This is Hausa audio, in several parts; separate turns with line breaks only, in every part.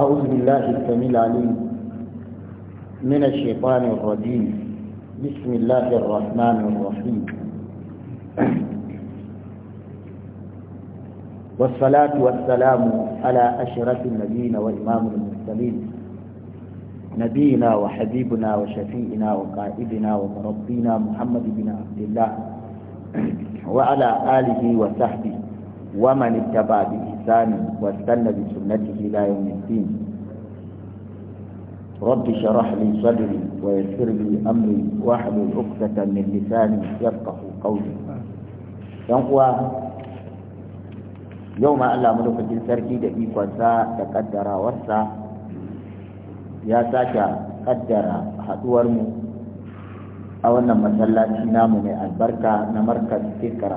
أعوذ بالله السميع العليم من الشيطان الرجيم بسم الله الرحمن الرحيم والصلاة والسلام على أشرف النبيين وإمام المرسلين نبينا وحبيبنا وشفيئنا وقائدنا ومربينا محمد بن عبد الله وعلى آله وصحبه ومن اتبع به إحسانه واستنى بسنته إلى يوم الدين رب شرح لي صدري ويسر لي أمري واحلل عقدة من لساني يفقه قولي ينقوى يوم ألا ملوك السركي دقيق وسا تقدر ورسا يا ساكا قدر حدور a wannan masallaci namu mai albarka na markaz fikra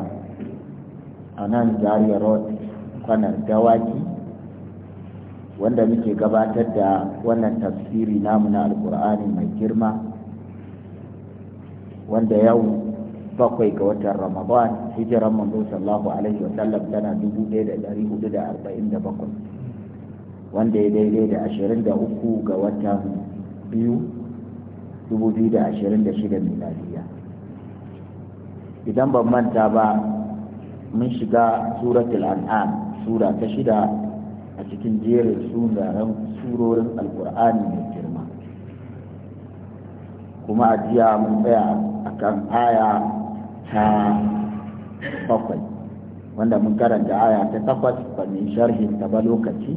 a nan zariya road kwanar dawaki wanda muke gabatar da wannan tafsiri namu na alkur'ani mai girma wanda yau bakwai ga watan ramadan hijiran manzo sallallahu alaihi wa sallam tana 1447 wanda ya daidai da 23 ga watan biyu 2026 miladiya idan ban manta ba mun shiga suratul an'am sura ta shida a cikin jerin sunaren surorin alkur'ani mai girma kuma a jiya mun tsaya a kan aya ta bakwai wanda mun karanta aya ta takwas ba mai sharhin ta ba lokaci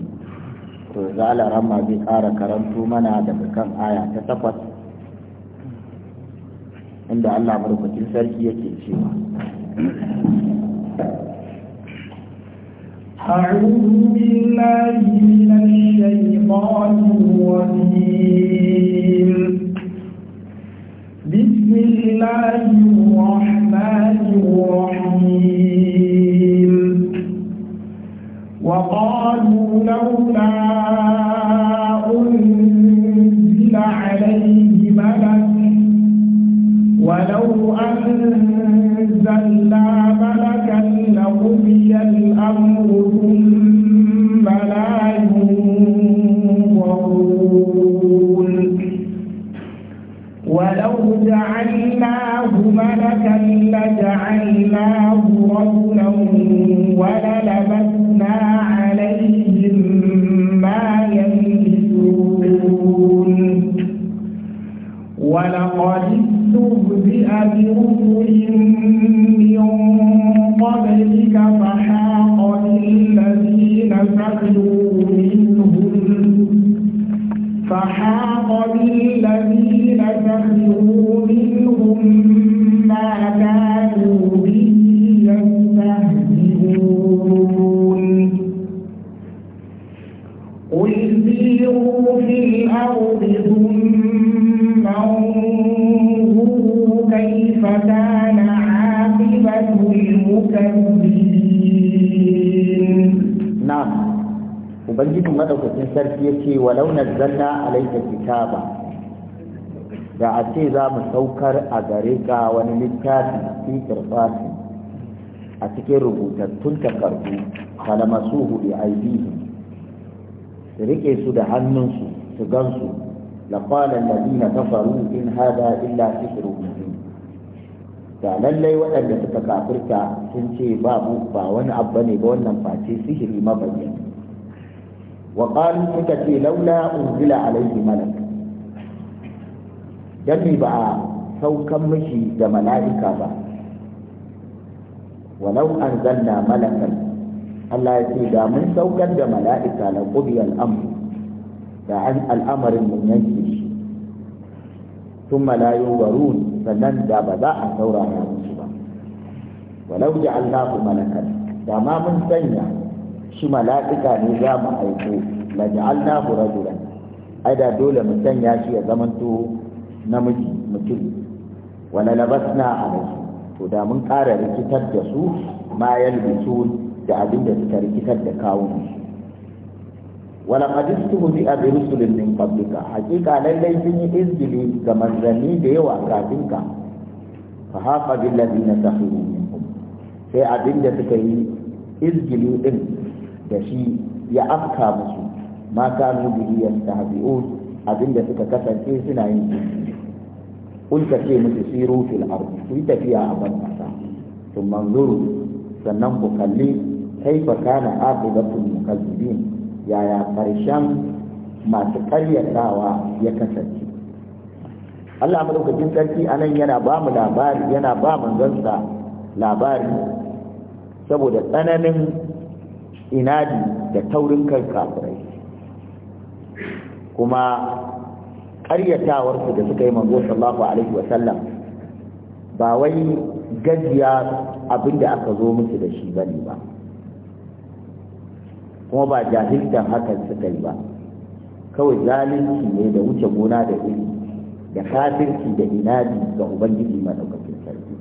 to la ramma zai ƙara karanto mana daga kan aya ta takwas inda allah marukacin sarki yake cewa
أعوذ بالله من الشيطان الرجيم بسم الله الرحمن الرحيم وقالوا لولا أنزل عليه ملك ولو أن Ubangijin
maɗaukacin sarki ya ce wa launar Zana a kitaba da a ce za mu saukar a gare ga wani littafi fi karfafi a cikin rubutattun takardu kalamasu hudu a yi su rike su da hannunsu su gansu laqala ta faru in hada illa sihrun mubin da lallai waɗanda suka kafirta sun ce babu ba wani abu ne ba wannan face sihiri mabayyan wa suka ce laula unzila alaihi malak dan ba a saukan miki da mala'ika ba walau anzalna malakan Allah ya ce da mun saukar da mala'ika na ƙubi al'amur da an al'amarin mun yanke shi tun malayu barun sannan da ba za a saurara musu ba walau da Allah ku malakar da ma mun sanya shi mala'ika ne za mu aiko la Allah hu rajulan ai da dole mu sanya shi ya zamanto namiji mutum wala labasna alaihi to da mun ƙara rikitar da su ma yalbisun da abin da suka rikitar da kawunan su wala qadistuhu bi abi rusulin min qablika haqiqa lallai sun yi izgili ga manzanni da yawa kafin ka fa haqa bil ladina sakhiru sai abin da suka yi izgili din da shi ya afka musu ma kanu bihi yastahzi'un abin da suka kasance suna yin kun ka ce musu siru fil ardi ku yi tafiya a ban kasa sun manzuru sannan ku kalli kaifa kana aqibatul mukazzibin yaya karshen masu karyatawa ya kasance Allah madaukakin sarki anan yana ba mu labari yana ba mu zansa labari saboda tsananin inadi da taurin kan kafirai kuma ƙaryatawarsu da suka yi manzo sallallahu alaihi wa sallam ba wai gajiya abinda aka zo musu da shi bane ba kuma ba jahiltan hakan suka yi ba kawai zalunci ne da wuce gona da iri da kafirci da inadi ga ubangiji madaukakin sarki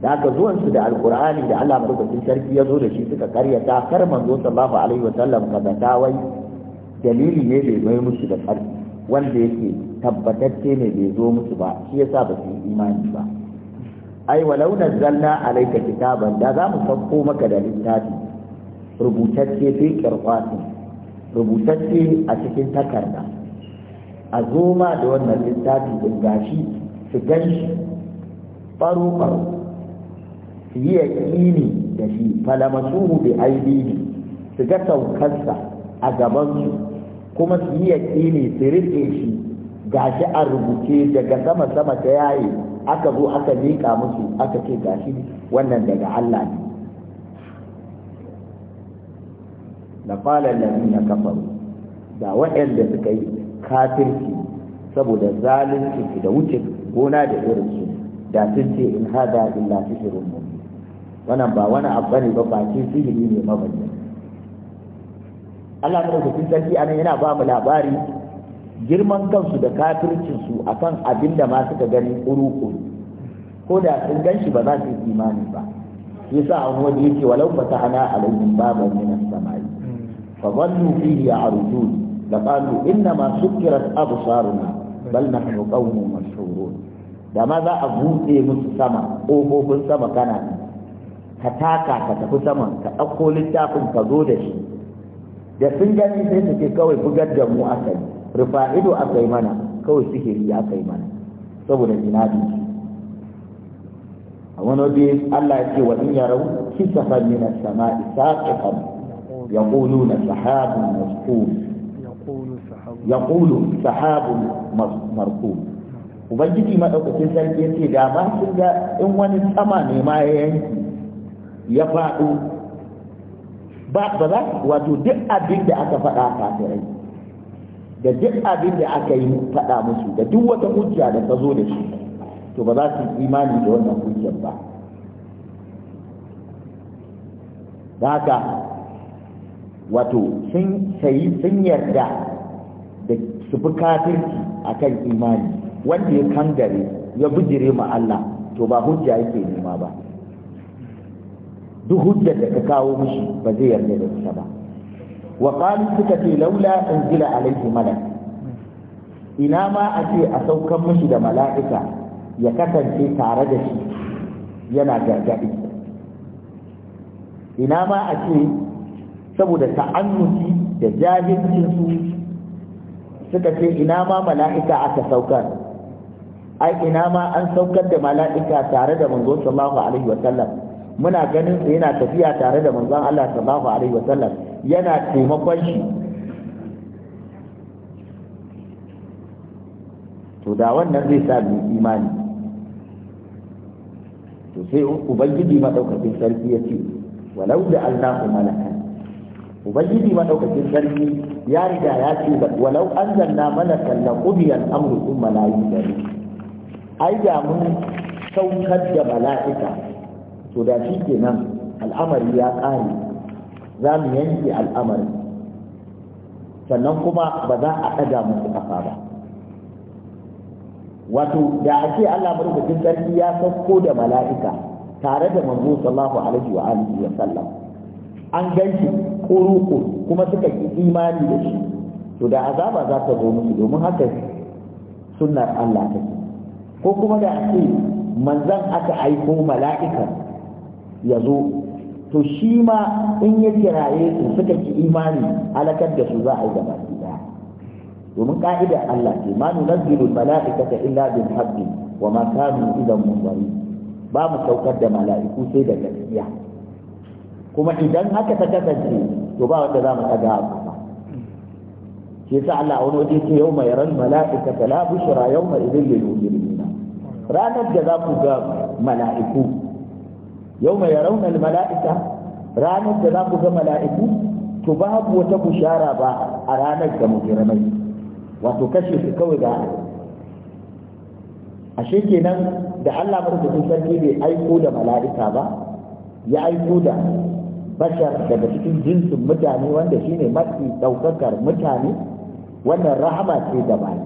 da aka zuwan su da alkur'ani da Allah madaukakin sarki ya zo da shi suka karyata kar manzo sallallahu alaihi wa sallam kaza wai dalili ne bai mai musu da karfi wanda yake tabbatacce ne bai zo musu ba shi yasa ba su imani ba ai walau nazzalna alayka kitaban da za mu sauko maka da littafi rubutacce fi kirkwati rubutacce a cikin takarda a zoma da wannan littafi din gashi su gan shi faro-faro su yi yaƙini da shi falamasuhu bi aibihi su ga saukarsa a gabansu kuma su yi yaƙini su riƙe shi gashi a rubuce daga sama-sama ta yayi aka zo aka miƙa musu aka ce gashi wannan daga Allah ne la qala na kafaru da waɗanda suka yi kafirci saboda zalunci da wuce gona da irin su da sun ce in hada illa sihrun mubin wannan ba wani abu bane ba bakin sihiri ne mabayyana Allah madaukakin sarki anan yana ba mu labari girman kansu da kafircin a kan abin da ma suka gani kuru ko da sun gan ba za su yi imani ba yasa an wani yake walau fata ana alayhim babu min فظنوا فيه يعرجون لقالوا إنما سكرت أبصارنا بل نحن قوم مسحورون da ma za a buɗe musu sama ƙofofin sama kana ka taka ka tafi saman ka ɗauko littafin ka zo da shi da sun gani sai suke kawai bugar da mu aka yi rufa ido aka yi mana kawai sihiri aka yi mana saboda jinabi a wani waje Allah ya ce wa in yarau kisafan minas sama'i saqiqan يقولون سحاب مسكوب يقول سحاب مركوب ubangiji madaukakin sarki yace da ba sun ga in wani sama ne ma ya yanki ya faɗo ba ba za wato duk abin da aka faɗa kafirai da duk abin da aka yi faɗa musu da duk wata hujja da ta zo da shi to ba za su imani da wannan hujjar ba da haka wato sun sayi sun yarda da su bi kafirci kan imani wanda ya kangare ya bijire ma Allah to ba hujja yake nema ba duk hujjar da ka kawo mishi ba zai yarda da ita ba wa qalu suka ce laula anzila alaihi malak ina ma a ce a saukan mishi da mala'ika ya kasance tare da shi yana gargaɗi ina ma a ce saboda ta'annuti da jahilcinsu suka ce ina ma mala'ika aka saukar ai ina ma an saukar da mala'ika tare da manzo sallallahu alaihi wasallam muna ganin sa yana tafiya tare da manzon Allah sallallahu alaihi wasallam yana taimakon shi to da wannan zai sa mu imani to sai ubangiji daukar sarki ya ce walau da Allah malaka ubangiji madaukakin sarki ya riga ya ce walau anzalna malakan mana qudiya al-amru thumma la yudari ai da mun saukar da mala'ika to da shi ke nan al'amari ya ƙare za mu yanke al'amari sannan kuma ba za a ɗaga musu ƙafa ba wato da a ce Allah madaukakin sarki ya sauko da mala'ika tare da manzo sallallahu alaihi wa alihi wa sallam an ganshi kuruku kuma suka yi imani da shi to da azaba za ta zo musu domin haka sunnar Allah take ko kuma da ake manzan aka aiko mala'ika ya zo to shi ma in ya kiraye su suka ki imani alakar da su za a yi gaba daya domin ka'idar Allah ce ma nunazzilu mala'ikata illa bil haqqi wa ma kanu idan munzari ba mu saukar da mala'iku sai da gaskiya kuma idan haka ta kasance to ba wanda za mu ɗaga ba shi yasa Allah wani waje ce yau mai ran mala'ika ta la bushra yau mai idin da mujrimina ranar da za ku ga mala'iku yau mai ran mala'ika ranar da za ku ga mala'iku to babu wata bushara ba a ranar da mujrimai wato kashe su kawai da ashe kenan da Allah madaukakin sarki bai aiko da mala'ika ba ya aiko da bashar daga cikin jinsin mutane wanda shine mafi daukakar mutane wannan rahama ce da bayi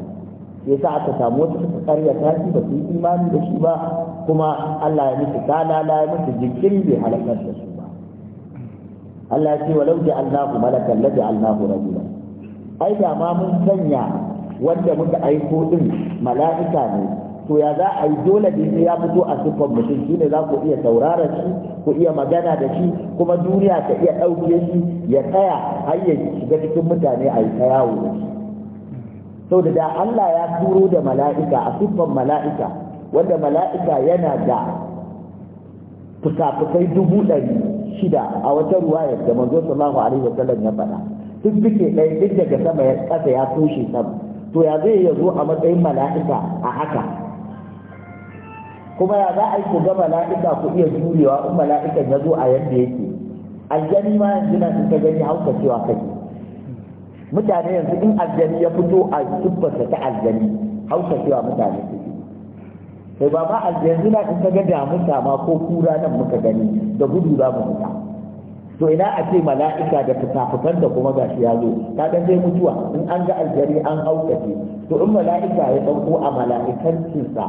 sai sa aka samu wasu suka karya ta ba su yi imani da shi ba kuma Allah ya musu kalala ya musu jikin bai halakar da su ba Allah ya ce walau ja'alnahu malakan la ja'alnahu rajulan ai da ma mun sanya wanda muka aiko din mala'ika ne to ya za a yi dole ne sai ya fito a siffar mutum shi ne za ku iya saurara shi ku iya magana da shi kuma duniya ta iya ɗauke shi ya tsaya har ya shiga cikin mutane a yi ta yawo da shi sau da da Allah ya turo da mala'ika a siffar mala'ika wanda mala'ika yana da fuka-fukai dubu ɗari shida a wata ruwayar da manzo sallallahu alaihi wasallam ya faɗa duk duke ɗaya duk daga sama ya ƙasa ya toshe sama to ya zai ya zo a matsayin mala'ika a haka kuma ya za a yi ko ga mala'ika ku iya jurewa in mala'ikan ya zo a yadda yake aljani ma yanzu na suka gani hauka cewa kai mutane yanzu in aljani ya fito a tubbata ta aljani hauka cewa mutane ke. sai ba ma aljani na suka ga damuta ma ko kura nan muka gani da gudu za mu fita to ina a ce mala'ika da fitafitan da kuma gashi ya zo ka dan dai mutuwa in an ga aljari an aukace to in mala'ika ya dauko a mala'ikancinsa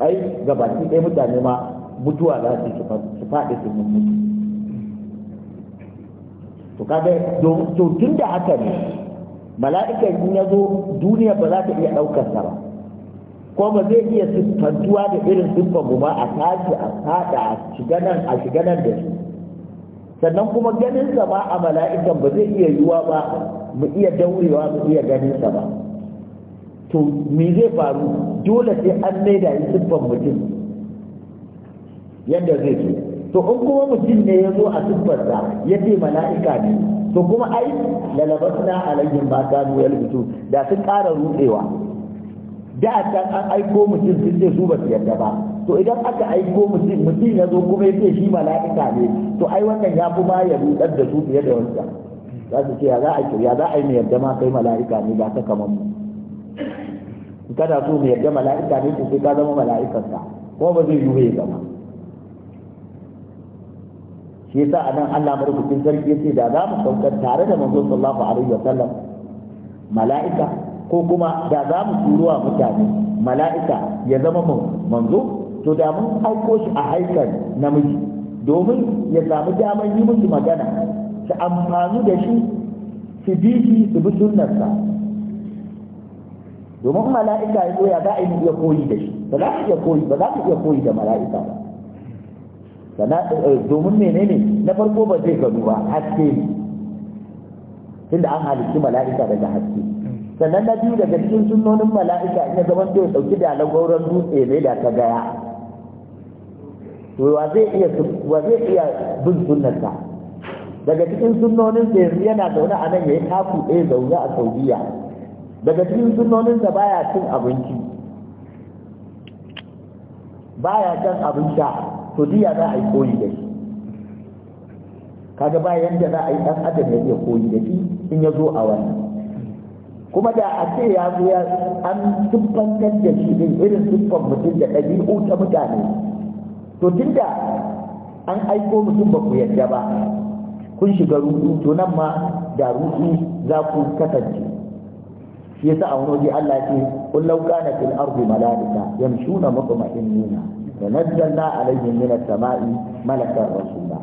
ai gabaki ɗaya mutane ma mutuwa za su su faɗi su mutu to kaga to tun da haka ne mala'ika in ya zo duniya ba za ta iya ɗaukar sa ba ko ba zai iya siffantuwa da irin siffan mu ba a tashi a faɗa a shiga nan a shiga nan da su sannan kuma ganin sa ba a mala'ikan ba zai iya yiwuwa ba mu iya daurewa mu iya ganin ba to me zai faru dole sai an maida yi siffan mutum yadda zai ce to in kuma mutum ne ya zo a siffarsa ya ce mala'ika ne to kuma ai lalabasna alayhim ma kanu mutum da su ƙara rutsewa da can an aiko mutum sun ce su ba su yarda ba to idan aka aiko mutum mutum ya zo kuma ya ce shi mala'ika ne to ai wannan ya fi ma ya rudar da su fiye da wancan za su ce ya za a yi ya za a yi mai yarda ma kai mala'ika ne ba ta kamar mu kana so mu yarda mala'ika ne to sai ka zama mala'ikan ka ko ba zai yiwu ya zama shi yasa anan Allah madaukakin sarki yace da za mu saukar tare da manzon sallallahu alaihi wasallam mala'ika ko kuma da za mu turuwa mutane mala'ika ya zama manzo to da mun aiko shi a haikal namiji domin ya samu damar yi musu magana su amfani da shi su bi shi su bi sunnarsa domin mala'ika ya zoya za a yi iya koyi da shi ba za su iya koyi ba za su iya koyi da mala'ika ba eh, domin menene na farko ba zai gano ba haske ne tunda an halitti mala'ika daga haske sannan na biyu daga cikin sunnonin mala'ika ina gaban zama ya dauki da lagwauran dutse ne da ta gaya to wa zai iya wa zai iya bin sunnarsa daga cikin sunnonin da yanzu yana zaune a nan yayi taku ɗaya zaune a Saudiya daga cikin sunnonin da baya cin abinci baya cin abin sha to diya za a yi koyi da shi kaga ba yadda za a yi ɗan adam ya iya koyi da shi in ya zo a wannan kuma da a ce ya zo ya an siffantar da shi din irin siffan mutum da ɗabi'u ta mutane to tunda an aiko mutum ba ku yadda ba kun shiga rudu to nan ma da rutu za ku kasance shi yasa a wani waje Allah ce kun lauka na fil ardi malaika yamshuna mutma'innina da nazzalna alaihim min as-sama'i malakan rasula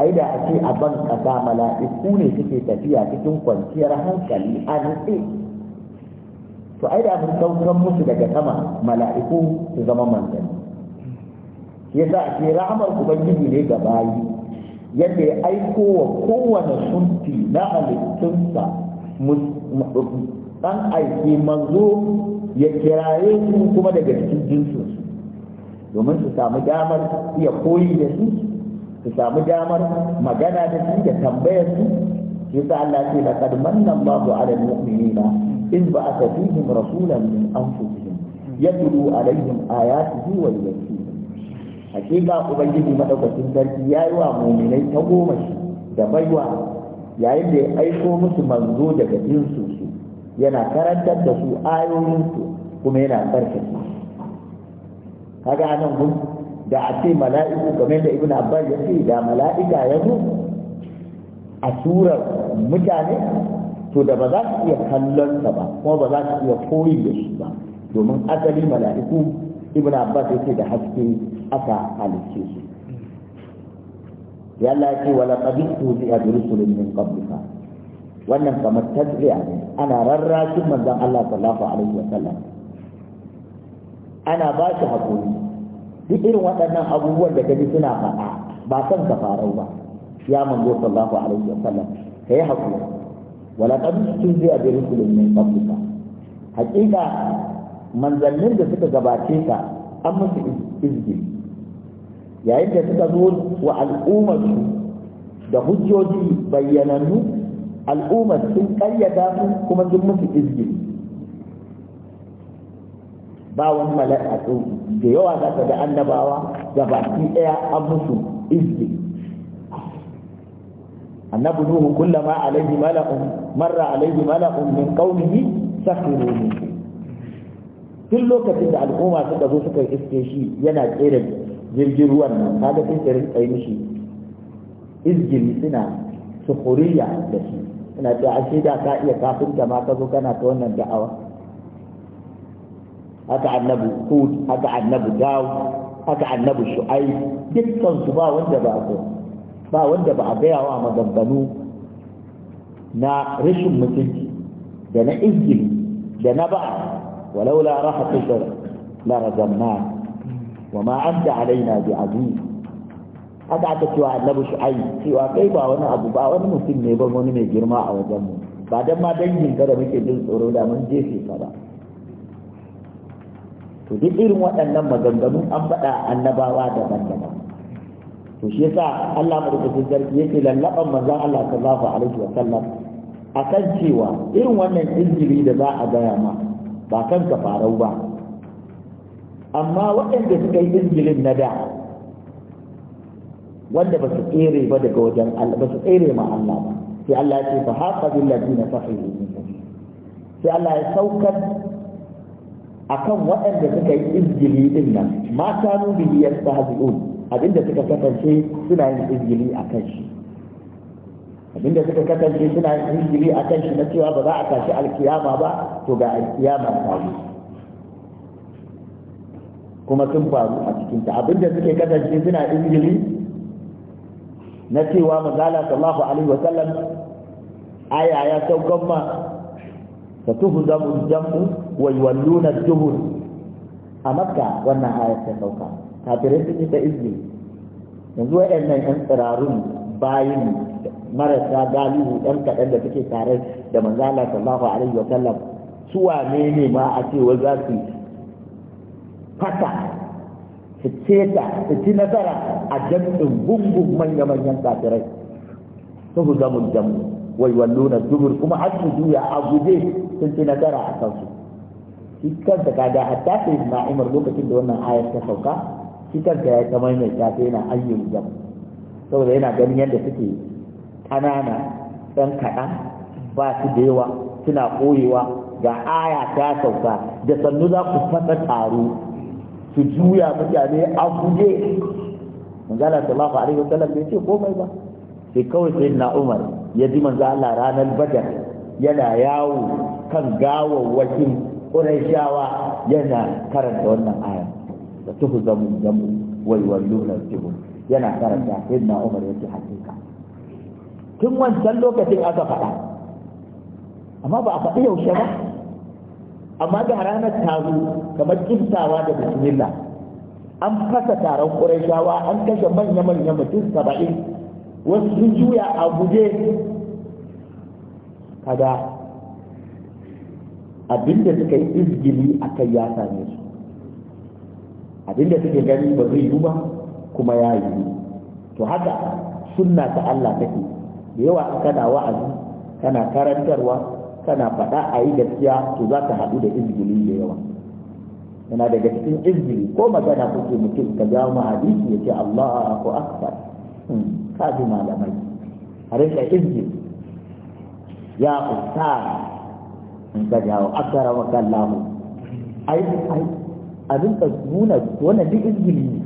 ai da ake a ban kasa mala'iku ne suke tafiya cikin kwanciyar hankali a nutse to ai da mun saukan musu daga sama mala'iku su zama manzanni yasa ce rahmar ubangiji ne ga bayi yadda ya aiko wa kowane sunti na halittunsa dan aiki manzo ya kiraye su kuma daga cikin jinsu domin su samu damar iya koyi da su su samu damar magana da su da tambaya su yasa Allah ce laqad manna Allahu 'ala muminina in ba'atha fihim rasulan min anfusihim yatlu 'alayhim ayatihi wa yuzakkihim hakika ubangiji madaukakin sarki ya yi wa muminai ta goma shi da baiwa yayin da ya aiko musu manzo daga jinsu su yana karantar da su ayoyinsu kuma yana su kaga nan gun da a ce mala'iku game da ibn abbas ya ce da mala'ika ya zo a surar mutane to da ba za su iya kallon sa ba kuma ba za su iya koyi da shi ba domin asali mala'iku ibn abbas ya ce da haske aka halicce su ya Allah ce wala qadistu bi rusulin min qablika wannan kamar tasbiya ne ana rarrashin manzon Allah sallallahu alaihi wa sallam ana ba shi hakuri duk irin waɗannan abubuwan da kaji suna faɗa ba san ka farau ba ya manzo sallallahu alaihi wa sallam kai hakuri wala qadistu bi rusulin min qablika hakika manzannin da suka gabace ka an musu izini yayin da suka zo wa al'ummarsu da hujjoji bayyanannu al'ummar sun ƙaryata su kuma sun musu izgiri ba wani malaka da yawa za ka ga annabawa da baki ɗaya an musu izgiri annabu nuhu ma alaihi mala'un marra alaihi mala'un min qaumihi sakhiru minhu duk lokacin da al'umma suka zo suka iske shi yana tsere jirgin ruwan nan kaga sai ta rinka yi mishi izgin suna sukuriya da shi suna cewa a shaida ka iya kafinta ma ka zo kana ta wannan da'awa haka annabu hud haka annabu dawud haka annabu shu'ai dukkan su ba wanda ba ko ba wanda ba a gaya wa maganganu na rashin mutunci da na izgin da na ba'a walaula rahatu la razamna wa ma anta alaina bi aziz haka aka cewa annabi shu'ayi cewa kai ba wani abu ba wani mutum ne ban wani mai girma a wajen mu ba dan ma dangin da muke jin tsoro da mun jefe ka ba to duk irin waɗannan maganganu an faɗa annabawa daban-daban to shi yasa Allah madaukakin sarki yake lallaban manzon Allah sallallahu alaihi wa sallam akan cewa irin wannan injiri da za a gaya ma ba kan ka farau ba amma waɗanda suka yi injilin na da wanda ba su tsere ba daga wajen Allah ba su tsere ma Allah ba sai Allah ya ce fa haqa bil ladina sahihu sai Allah ya saukar akan waɗanda suka yi injili din nan ma kanu bi yastahzi'un abinda suka kasance suna yin injili akan shi abinda suka kasance suna yin injili akan shi na cewa ba za a tashi alkiyama ba to ga alkiyama ta yi kuma sun faru a cikinta abinda suke kasance suna injili na cewa mazala sallallahu alaihi wasallam aya ya saukan ma ta tuhu zamu jam'u wa yuwalluna duhur a makka wannan aya ta sauka kafirai sun yi ta izini. yanzu waɗannan yan tsirarun bayin marasa galihu ɗan kaɗan da suke tare da manzala sallallahu alaihi wasallam su wane ne ma a ce za su fata su ta su ci nasara a jam'in gungun manya-manyan kafirai su ku zamun jamu wai na dubur kuma an su juya a guje sun ci nasara a kansu shi ka da hatta sai na imar lokacin da wannan ayar ta sauka shi ta ya kamar mai tafi yana ayyun jam saboda yana ganin yadda suke ƙanana ɗan kaɗan ba su da yawa suna koyewa ga aya ta sauka da sannu za ku fasa taro su juya mutane a guje manzala sallallahu alaihi wasallam bai ce komai ba sai kawai sai na umar ya ji manzo Allah ranar badar yana yawo kan gawawwakin shawa, yana karanta wannan aya da tuhu zamu zamu wai luna tuhu yana karanta sai na umar ya ce hakika tun wancan lokacin aka faɗa amma ba a faɗi yaushe ba amma da ranar ta kamar kimsawa da bismillah an fasa taron ƙurashawa an kashe manya-manya mutum saba'in wasu sun juya a guje kada. abinda suka yi izgili a kai ya same su abinda suke gani ba zai yi ba kuma ya yi to haka sunna ta Allah take da yawa kana wa'azi kana karantarwa kana faɗa a yi gaskiya to za ka haɗu da izgili da yawa yana daga cikin izgili ko magana kuke mutum ka ja mu hadisi ya ce Allah ko akbar hmm, ka ji malamai a rinka izgili ya usta in ka jawo akara wa kallahu ai ai a rinka nuna wannan duk izgili ne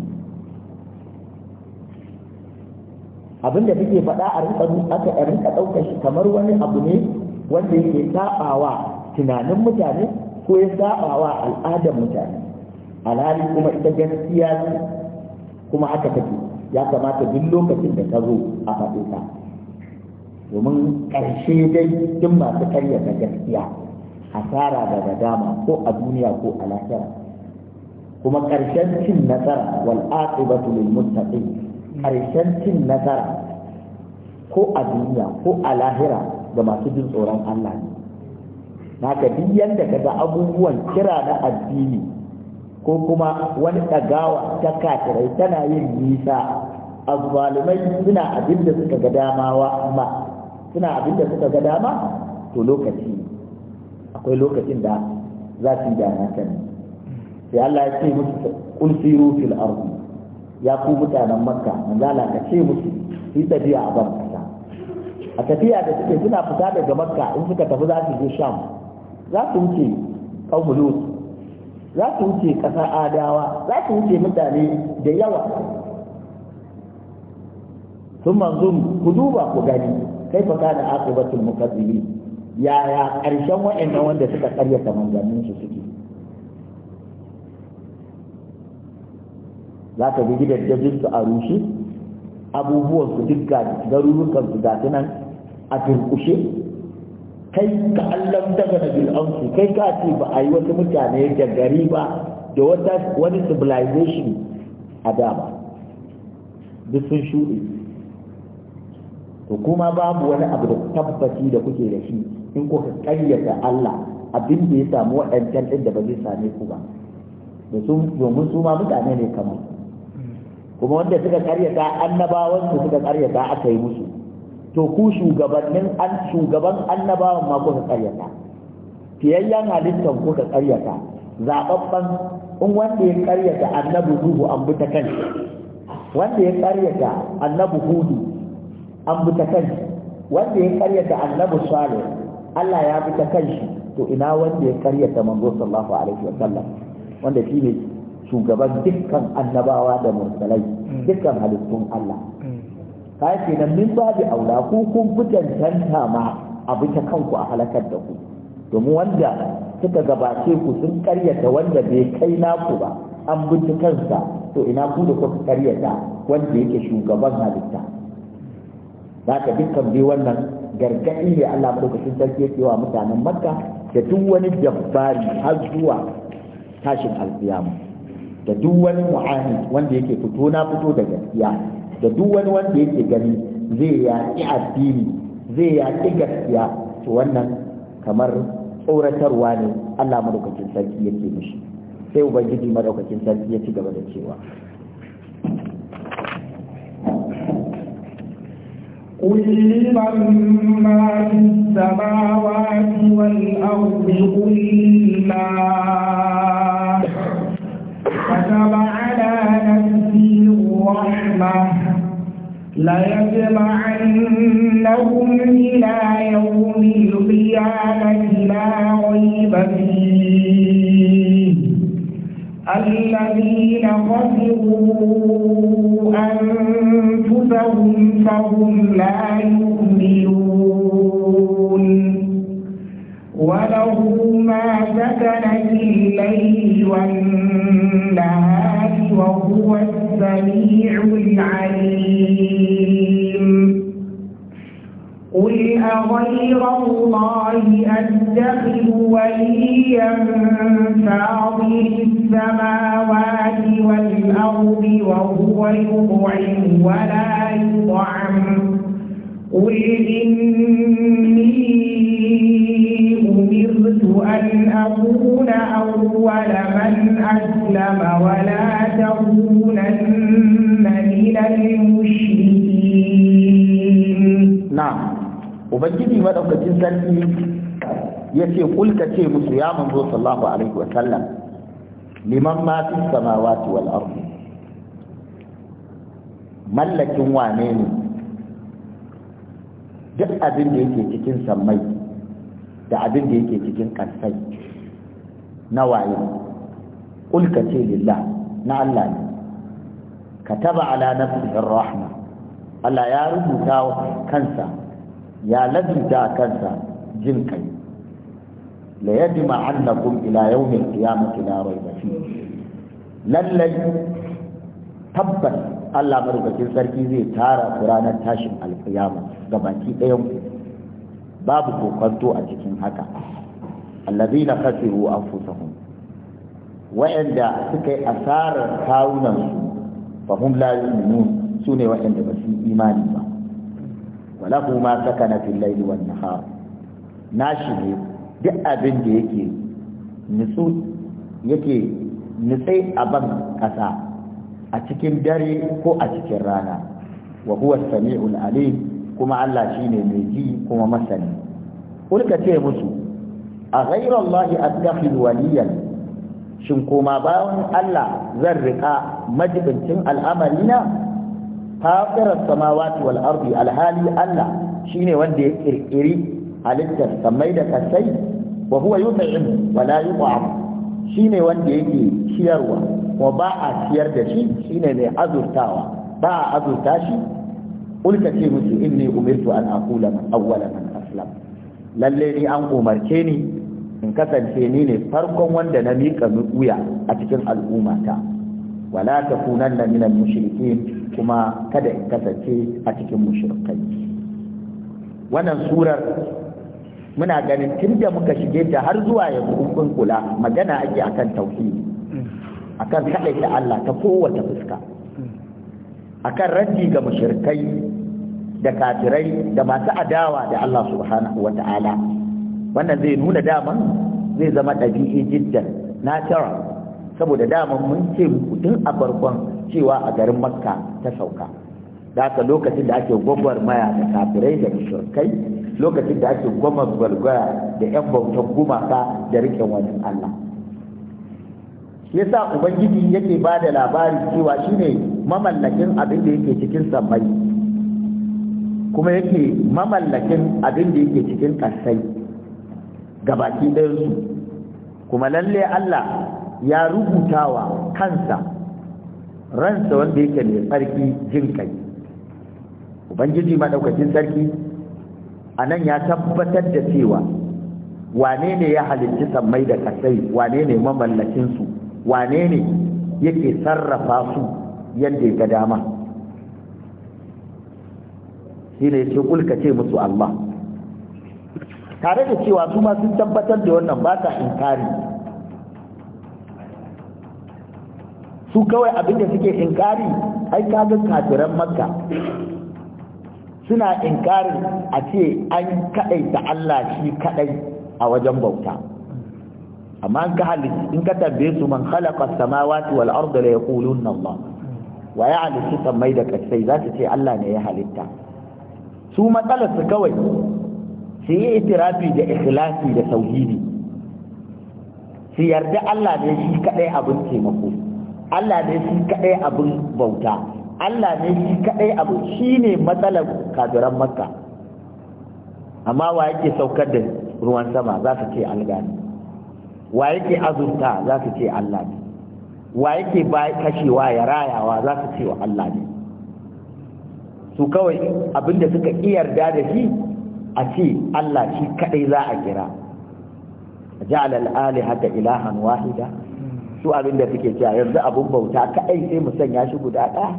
abinda kake faɗa a aka rinka ɗaukar shi kamar wani abu ne wanda yake sabawa tunanin mutane ko ya sabawa al'adar mutane alhali kuma ita gaskiya ne kuma haka take ya kamata duk lokacin da ka zo a faɗi ka domin ƙarshe dai duk masu karyata gaskiya asara daga dama ko a duniya ko a lahira kuma ƙarshen cin nasara wal aqibatu lil muttaqin ƙarshen cin nasara ko a duniya ko a lahira ga masu jin tsoron Allah ne haka duk ka ga abubuwan kira na addini ko kuma wani ɗagawa ta katirai tana yin nisa azzalumai suna abin da suka ga dama wa amma suna abin da suka ga dama to lokaci akwai lokacin da za su yi dama kan sai Allah ya ce musu kul rufin fil ardi ya ku mutanen makka manzo ka ce musu yi tafiya a ban a tafiya da suke suna fita daga makka in suka tafi za su je sham za su wuce kaumulut za su wuce ƙasar adawa za su wuce mutane da yawa sun manzo ku duba ku gani kai fa kana aqibatul ya yaya karshen wa'annan wanda suka karyata manzannin su suke za ka ga gidajen su a rushe abubuwan su duk garurukan su ga nan a turkushe kai ka allon daga na bil'ansu kai ka ce ba a yi wasu mutane da gari ba da wata wani civilization a dama duk sun shuɗe to kuma babu wani abu da tabbaci da kuke da shi in kuka ƙaryata Allah abin da ya samu waɗancan ɗin da ba zai same ku ba domin su ma mutane ne kamar kuma wanda suka karyata annabawan su suka karyata aka yi musu to ku shugabannin an shugaban annabawan ma kuka karyata fiyayyen halittan kuka karyata zababban in wanda ya karyata annabi nuhu an bi ta kanshi wanda ya karyata annabi hudu an bi ta kanshi wanda ya karyata annabi salih Allah ya bi ta kanshi to ina wanda ya karyata manzo sallallahu alaihi wasallam wanda shine shugaban dukkan annabawa da mursalai hmm. dukkan halittun Allah ka ce nan min babu aula ku kun fi ma abu ta kanku a halakar da ku domin wanda suka gabace ku sun karyata wanda bai kai naku ba an binci kansa to ina ku da kuka karyata wanda yake shugaban halitta za ka dukkan bi wannan gargaɗi ne Allah madaukakin sarki yake wa mutanen makka da duk wani jabbari har zuwa tashin alfiyamu da duk wani mu'ahid wanda yake fito na fito da gaskiya da duk wani wanda yake gani zai ya yaƙi addini zai ya yaƙi gaskiya to wannan kamar tsoratarwa ne Allah madaukakin sarki yake mishi sai ubangiji madaukakin sarki ya ci gaba da cewa
قل لمن ما في السماوات والأرض قل كتب على نفسه الرحمة ليجمعنهم إلى يوم القيامة لا ريب فيه الذين خسروا أنفسهم فهم لا يؤمنون وله ما سكن في الليل والنهار وهو السميع العليم قل أغير الله أتخذ وليا فاطر السماوات والأرض وهو يطعم ولا يطعم قل إني أن أكون أول من أسلم ولا تكونن من المشركين نعم
وبجدي ما لو كنت yace kul ka ce musu الله عليه وسلم لمن ما في السماوات والأرض mallakin wane ne duk abin da yake cikin sammai da abin da yake cikin kansai na waye ulka ce lillah na Allah ne Ka kataba ala nafsihi rahma Allah ya rubuta kansa ya lazimta kansa jin kai la yajma annakum ila yawm al-qiyamati la rayba fi lallai tabbas Allah madaukakin sarki zai tara ranar tashin alƙiyama ga baki ɗayan ku babu kokonto a cikin haka allazina khasiru anfusahum wa'anda suka yi asarar kawunan su fa sune ba su imani ba Walaku ma na fil layli wan nahar nashi ne duk abin da yake nutsu yake nutsai a ban kasa a cikin dare ko a cikin rana wa huwa samiul alim kuma Allah ne mai ji kuma masani kulka ce musu a ghayra Allah attakhidhu waliyan shin koma bayan Allah zan riƙa majibincin al'amarina fafirar samawati wal ardi alhali Allah shine wanda ya kirkiri halittar samai da kasai wa huwa yut'im wa la yut'am shine wanda yake ciyarwa kuma ba a ciyar da shi shine mai azurtawa ba a azurta shi قل كتيمت إني أمرت أن أقول من أول من أسلم للذي أن أمرتني إن كسن سينيني فرقا وند نميك مؤويا أتكن الأمة ولا تكونن من المشركين كما كد إن كسن أتكن مشركين wannan surar muna ganin tun da muka shige ta har zuwa yanzu kun kula magana ake akan tauhidi akan kaɗaita Allah ta kowace fuska akan raddi ga mushirkai da kafirai da masu adawa da Allah subhanahu ta'ala wannan zai nuna daman zai zama ɗabi'i jiddan tara saboda daman mun ce tun a farkon cewa a garin makka ta sauka da haka lokacin da ake gwagwarmaya da kafirai da mushirkai lokacin da ake gwamar gwalgwara da 'yan bautan gumaka da riƙe wani Allah yasa ubangiji yake ba da labari cewa shine mamallakin abin da yake cikin sammai kuma yake mamallakin abin da yake cikin ga baki su, kuma lalle Allah ya rubutawa kansa ransa wanda yake mai tsarki jin kai ubangiji maɗaukacin sarki anan ya tabbatar da cewa wane ne ya halitta sammai da kasai wane ne mamallakinsu wane ne yake sarrafa su yadda ya ga dama shi ne ce kulka ce musu Allah tare da cewa su ma sun tabbatar da wannan ba ta inkari su kawai abinda da suke inkari ai kaga kafiran makka suna inkarin a ce an kaɗaita Allah shi kaɗai a wajen bauta amma an ka halin in ka tambaye su man khalaqa samawati wal arda la yaquluna Allah wa ya halitta mai da kasai za su ce Allah ne ya halitta su matsalar su kawai su yi itirafi da ikhlasi da tauhidi su yarda Allah ne shi kadai abin taimako Allah ne shi kadai abin bauta Allah ne shi kadai abu shine matsalar kafiran makka amma wa yake saukar da ruwan sama za su ce algani wa yake azurta za ka ce Allah ne wa yake kashewa ya rayawa za ka ce wa Allah ne su kawai abinda suka iyarda da shi a ce Allah shi kadai za a kira ja'al al-alihata ilahan wahida su abinda suke cewa yanzu abun bauta kadai sai mu sanya shi guda ɗaya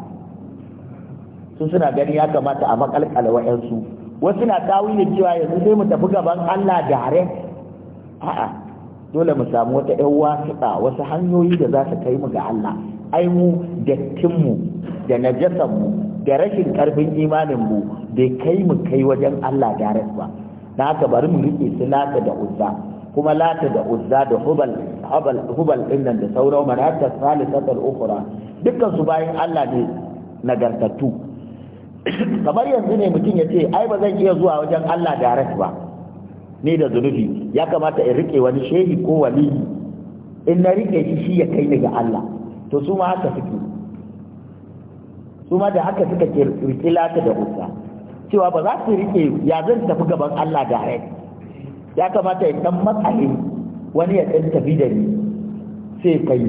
su suna gani ya kamata a makalkala wa'yansu wasu na tawilin cewa yanzu sai mu tafi gaban Allah da a'a dole mu samu wata yan wasuɗa wasu hanyoyi da za su kai mu ga Allah ai mu timmu da najasanmu da rashin karfin imaninmu bai kai mu kai wajen Allah gares ba na haka bari mu riƙe su lata da uzza kuma lata da uzza da hubal hubal hubal da sauran marata salisatul ukhra dukkan su bayan Allah ne nagartattu kamar yanzu ne mutum ya ce ai ba zan iya zuwa wajen Allah gares ba ni da zunubi ya kamata in rike wani shehi ko wali in na rike shi shi ya kai ni ga Allah to su ma haka suke su ma da haka suka rike laka da husa, cewa ba za su rike ya zan tafi gaban Allah da rai ya kamata ya san matsayi wani ya ɗan tafi da ni sai kai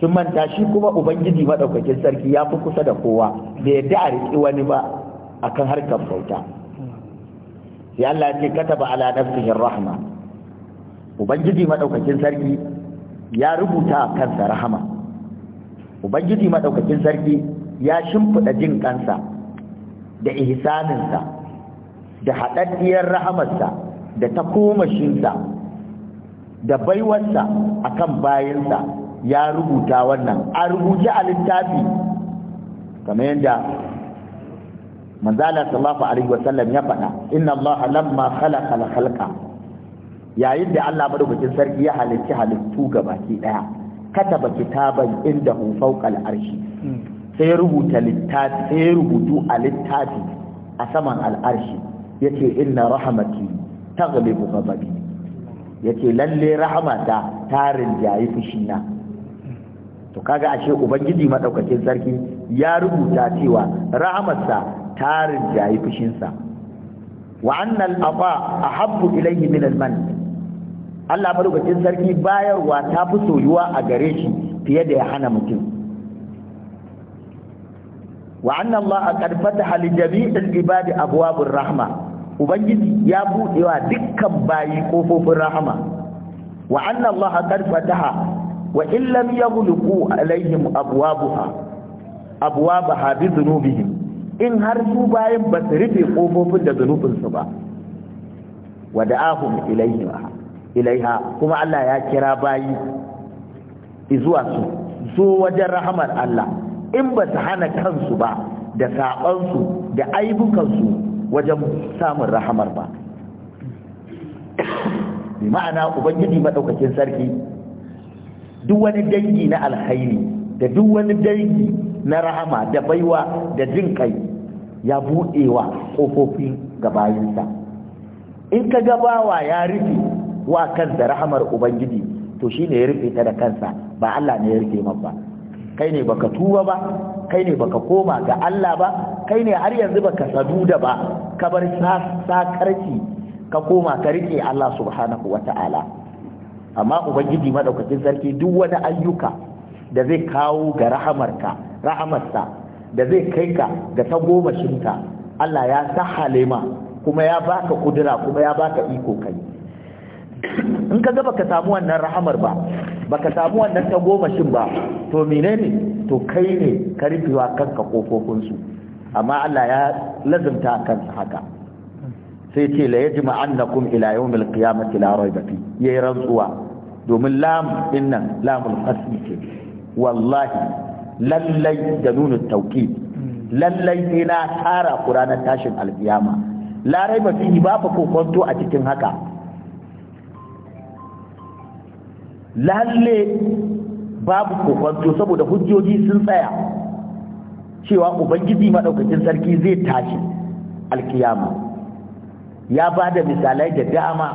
sun manta shi kuma ubangiji madaukakin sarki ya fi kusa da kowa bai yadda a riƙe wani ba akan harkar bauta sai Allah ya ce kataba ala nafsihi rahma ubangiji madaukakin sarki ya rubuta kansa rahama ubangiji madaukakin sarki ya shimfida jin kansa da ihsaninsa da hadaddiyar rahamarsa da sa da baiwarsa akan sa ya rubuta wannan a rubuce a littafi kamar yadda manzala sallallahu alaihi wa sallam ya faɗa inna Allah lamma khalaqa al khalqa yayin da Allah madaukakin sarki ya halicci halittu gabaki daya kataba kitaban indahu fawqa al arshi sai rubuta littafi sai rubutu a littafi a saman al arshi yace inna rahmati taghlibu ghadabi yace lalle rahmata ta rinjayi fushina to kaga ashe ubangiji madaukakin sarki ya rubuta cewa rahamarsa tarin yi fushinsa wa annal afa ahabbu ilayhi min man, Allah madaukakin sarki bayarwa ta fi soyuwa a gare shi fiye da ya hana mutum wa anna Allah a fataha li jami'il ibadi abwabur rahma ubangiji ya buɗewa dukkan bayi kofofin rahama wa anna Allah qad fataha wa in lam yaghluqu alaihim abwabuha ha bi dhunubihim in har su bayan ba su rufe ƙofofin da zunubinsu ba wada ahun ilaiha kuma Allah ya kira bayi izuwa su zo wajen rahamar Allah in ba su hana kansu ba da saɓansu da aibukansu wajen samun rahamar ba bi ma'ana ubangiji maɗaukakin sarki duk wani dangi na alhairi da duk wani dangi na rahama da baiwa da jin kai ya wa ƙofofi ga bayansa in ka ga bawa ya rufe wa da rahamar ubangiji to shi ne ya rufe ta da kansa ba Allah ne ya rufe ba. kai ne baka tuba ba kai ne baka koma ga Allah ba kai ne har yanzu baka saduda ba ka bar sakarci ka koma ka rike Allah subhanahu wata'ala amma ubangiji madaukakin sarki duk wani ayyuka da zai kawo ga rahamarka rahamarsa da zai kai ka ga ta goma Allah ya sahale ma kuma ya baka kudura kuma ya baka iko kai in ka ga baka samu wannan rahamar ba baka samu wannan ta shin ba to menene to kai ne ka rufewa kanka kofofin su amma Allah ya lazimta kansa haka sai ce la yajma annakum ila yawmil qiyamati la rayba fi yayi rantsuwa domin lam dinnan lamul fasli wallahi lallai da nunin tauki lallai sai na tara ku ranar tashin alkiyama larai ba fi ba fa kwanto a cikin haka lalle babu kwanto saboda hujjoji sun tsaya cewa ubangiji maɗaukacin sarki zai tashi alkiyama ya ba da misalai da dama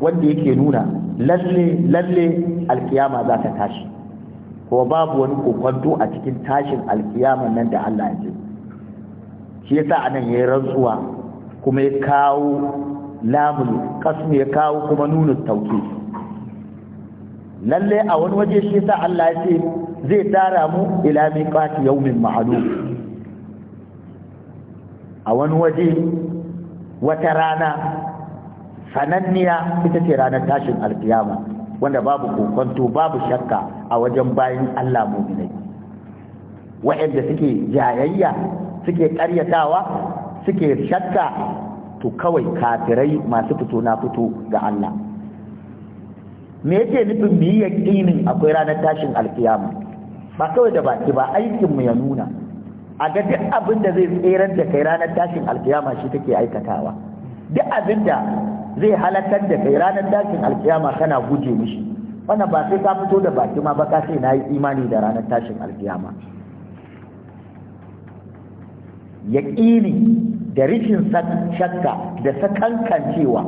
wanda yake nuna lalle lalle alkiyama za ta tashi Kowa babu wani kokwanto a cikin tashin alkiyama nan da Allah ya ce shi yasa anan yayi rantsuwa kuma ya kawo lamul qasm ya kawo kuma nunu tawkid lalle a wani waje shi yasa Allah ya ce zai tara mu ila miqati yawmin ma'lum a wani waje wata rana sananniya ita ce ranar tashin alkiyama wanda babu kokonto babu shakka a wajen bayan Allah mu'minai wa'anda suke jayayya suke karyatawa suke shakka to kawai kafirai masu fito na fito ga Allah me yake nufin mu yi akwai ranar tashin alkiyama ba kawai da baki ba aikin mu ya nuna a ga duk abin da zai tserar da kai ranar tashin alkiyama shi take aikatawa duk abin da zai halakar da kai ranar tashin alkiyama kana guje mishi wanda ba sai ka fito da baki ma ba ka sai na yi imani da ranar tashin alkiyama yaƙini da rikin shakka da sakankancewa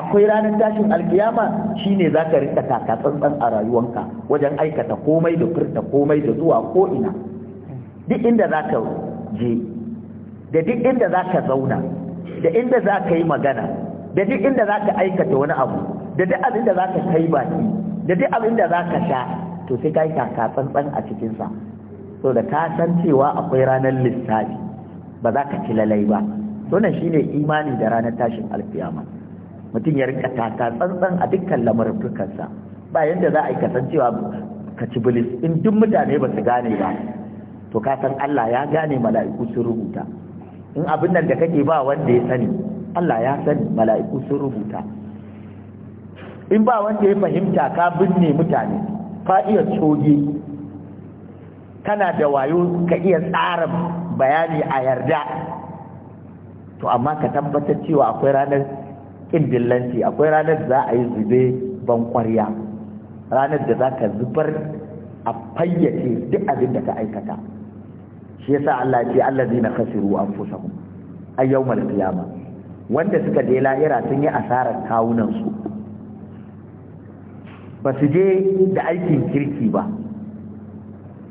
akwai ranar tashin alkiyama shine za ka rika taka tsantsan a rayuwanka wajen aikata komai da furta komai da zuwa ko'ina duk inda za ka je da duk inda za ka zauna da inda za ka yi magana da duk inda za ka aikata wani abu da duk abin da za ka kai baki da duk abin da za ka sha to sai ka yi kaka tsantsan a cikinsa so da ka san cewa akwai ranar lissafi ba za ka ci lalai ba sunan shine imani da ranar tashin alfiyama mutum ya rika taka tsantsan a dukkan lamurfukansa ba yadda za a yi kasancewa ka ci bilis in duk mutane ba su gane ba to ka san Allah ya gane mala'iku sun rubuta in abin nan da kake ba wanda ya sani Allah ya sani mala'iku sun rubuta in ba wanda ya fahimta ka binne mutane ka iya coge kana da wayo ka iya tsara bayani a yarda to amma ka tabbatar cewa akwai ranar ƙin akwai ranar za a yi zube ban ƙwarya ranar da za ka zubar a fayyace duk abin da ka aikata shi yasa Allah ya ce na kasiru anfusahum ayyawmal qiyamah wanda suka je la'ira sun yi asarar kawunansu ba su je da aikin kirki ba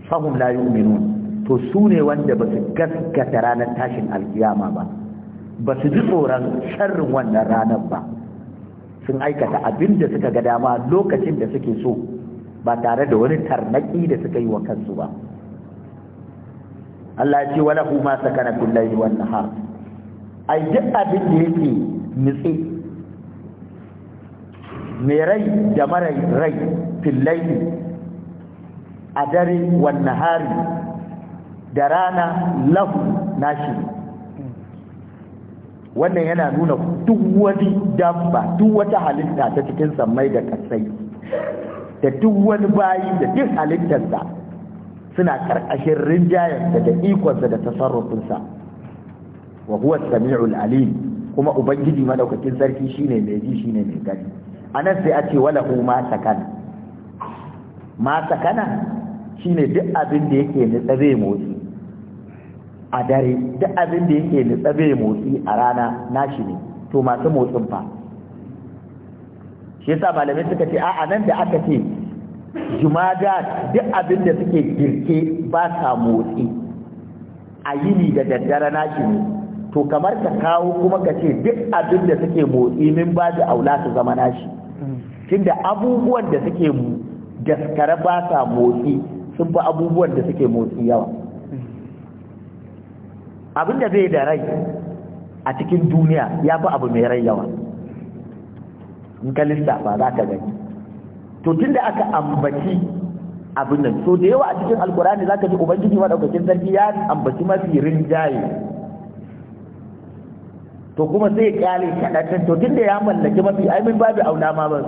fahim la minu to su ne wanda ba su gaskata ranar tashin alkiyama ba ba su ji tsoron sharrin wannan ranar ba sun aikata abin da suka ga dama lokacin da suke so ba tare da wani tarnaki da suka yi wa kansu ba Allah ya ce wa lahu ma sakana kullayhi wan nahar ai duk abin da yake nitse mai rai da mara rai fillaili a dare wannan hari da rana lahu nashi wannan yana nuna duk wani dabba duk wata halitta ta cikin samai da kasai da duk wani bayi da duk halittarsa suna ƙarƙashin rinjayensa da ikonsa da tasarrufinsa wa huwa samiul alim kuma ubangiji madaukakin sarki shine mai ji shine mai gani anan sai a ce wala ma sakana ma sakana shine duk abin da yake nitsa zai motsi a dare duk abin da yake nitsa zai motsi a rana nashi ne to masu motsin fa shi yasa malamai suka ce a'a nan da aka ce jumada duk abin da suke girke ba sa motsi a yini da daddare nashi ne to kamar ka kawo kuma ka ce duk abin da suke motsi min ba da aula su zama nashi tunda abubuwan da suke daskare ba sa motsi sun fi abubuwan da suke motsi yawa abin da zai da rai a cikin duniya ya fi abu mai rai yawa in ka lissafa za ka gani to tun da aka ambaci abin nan so da yawa a cikin alkurani za ka ji ubangiji maɗaukakin sarki ya ambaci mafi rinjaye to kuma sai ya kyale kaɗan to tunda ya mallaki mafi ai mun babu auna ma ba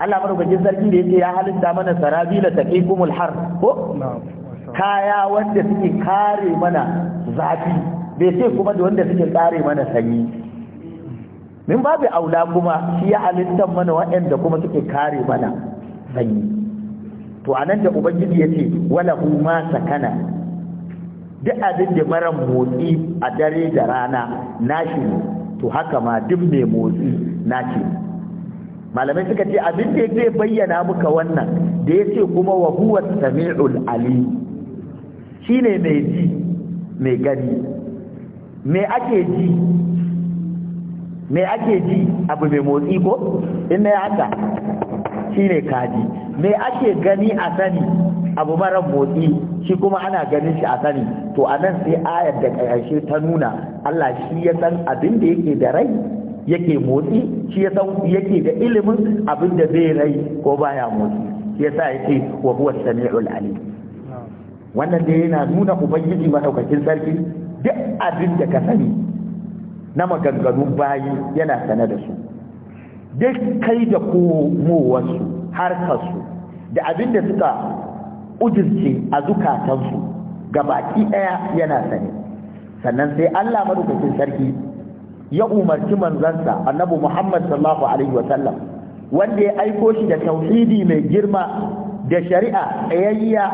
Allah madaukakin sarki da yake ya halitta mana sarabila taqikumul har ko kaya wanda suke kare mana zafi bai sai kuma da wanda suke kare mana sanyi min babu aula kuma shi ya halitta mana waɗanda kuma suke kare mana sanyi to anan da ubangiji yace wala huma sakana duk abin da mara motsi a dare da rana nashi ne to haka ma duk mai motsi nashi ne malamai suka ce abin da zai bayyana muka wannan da ya ce kuma wa huwa sami'ul ali shine mai ji mai gani me ake ji me ake ji abu mai motsi ko inda ya haka shine kaji me ake gani a sani abu mara motsi shi kuma ana ganin shi a sani to a nan sai ayar da ƙarshe ta nuna Allah shi ya san abin da yake da rai yake motsi shi ya san yake da ilimin abin da zai rai ko baya motsi shi ya ya yake wa huwa samiul Ali. wannan da yana nuna ubangiji madaukakin sarki duk abin da ka sani na maganganun bayi yana sane da su duk kai da komowarsu harkarsu da abin da suka ujirce a zukatansu ga baki ɗaya yana sane sannan sai Allah madaukakin sarki ya umarci manzansa annabi Muhammad sallallahu alaihi wasallam wanda ya aiko shi da tauhidi mai girma da shari'a tsayayya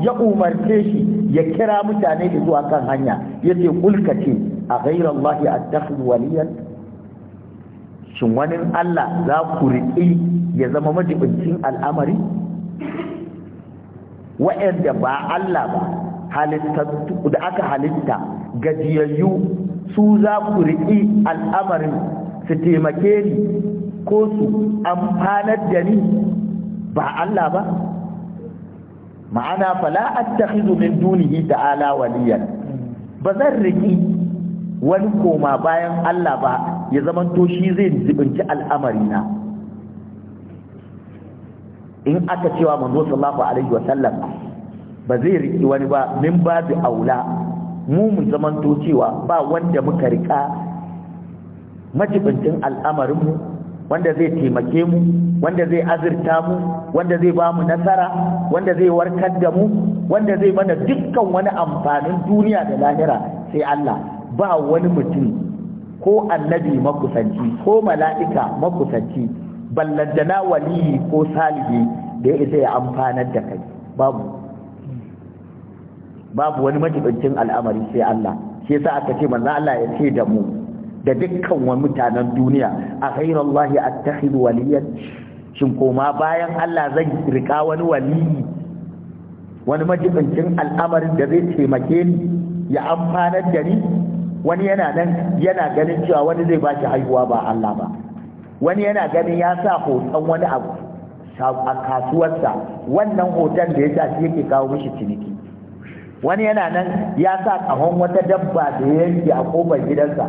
ya umarce shi ya kira mutane da zuwa kan hanya yace kulka ce a ghairar Allah ya attakhidhu waliyan shin wani Allah za ku riƙi ya zama majibincin al'amari wa'anda ba Allah ba da aka halitta gajiyayyu su za ku riƙi al'amarin su taimake ni ko su amfanar da ni ba Allah ba ma'ana fala attakhidhu min dunihi ta'ala waliyan ba zan riƙi wani koma bayan Allah ba ya zamanto shi zai zibinci al'amarina in aka cewa manzo sallallahu alaihi wasallam ba zai riki wani ba min babu aula mu mu zamanto cewa ba wanda muka rika majibincin al'amarinmu wanda zai taimake mu wanda zai azurta mu wanda zai ba mu nasara wanda zai warkar da mu wanda zai mana dukkan wani amfanin duniya da lahira sai Allah ba wani mutum ko annabi makusanci ko mala'ika makusanci ballantana waliyi ko salihi da ya isa ya amfanar da kai babu babu wani majibincin al'amari sai Allah shi yasa aka ce manzo Allah ya ce da mu da dukkan wani mutanen duniya a ghairallahi attakhidu waliyan shin koma bayan Allah zan rika wani waliyi wani majibincin al'amarin da zai taimake ni ya amfanar da ni wani yana nan yana ganin cewa wani zai ba shi haihuwa ba Allah ba wani yana ganin ya sa hoton wani a kasuwarsa wannan hoton da ya sa shi yake kawo mishi ciniki wani yana nan ya sa kahon wata dabba da ya yanke a kofar gidansa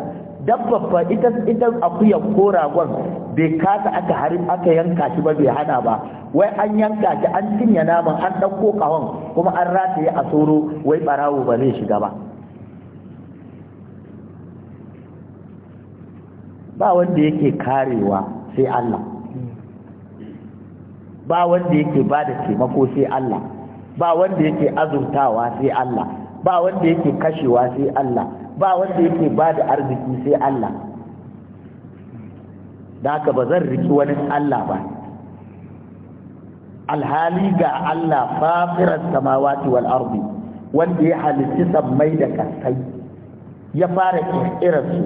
dabba fa ita ita akuya ko ragon bai kasa aka har aka yanka shi ba bai hana ba wai an yanka shi an cinye naman an ɗauko kahon kuma an rataye a soro wai barawo ba zai shiga ba ba wanda yake karewa sai Allah ba wanda yake ba da taimako sai Allah ba wanda yake azurtawa sai Allah ba wanda yake kashewa sai Allah ba wanda yake ba da arziki sai Allah da haka ba zan riki wani Allah ba alhali ga Allah fafirar samawati wal ardi wanda ya halitta sammai da kasai ya fara kirkirar su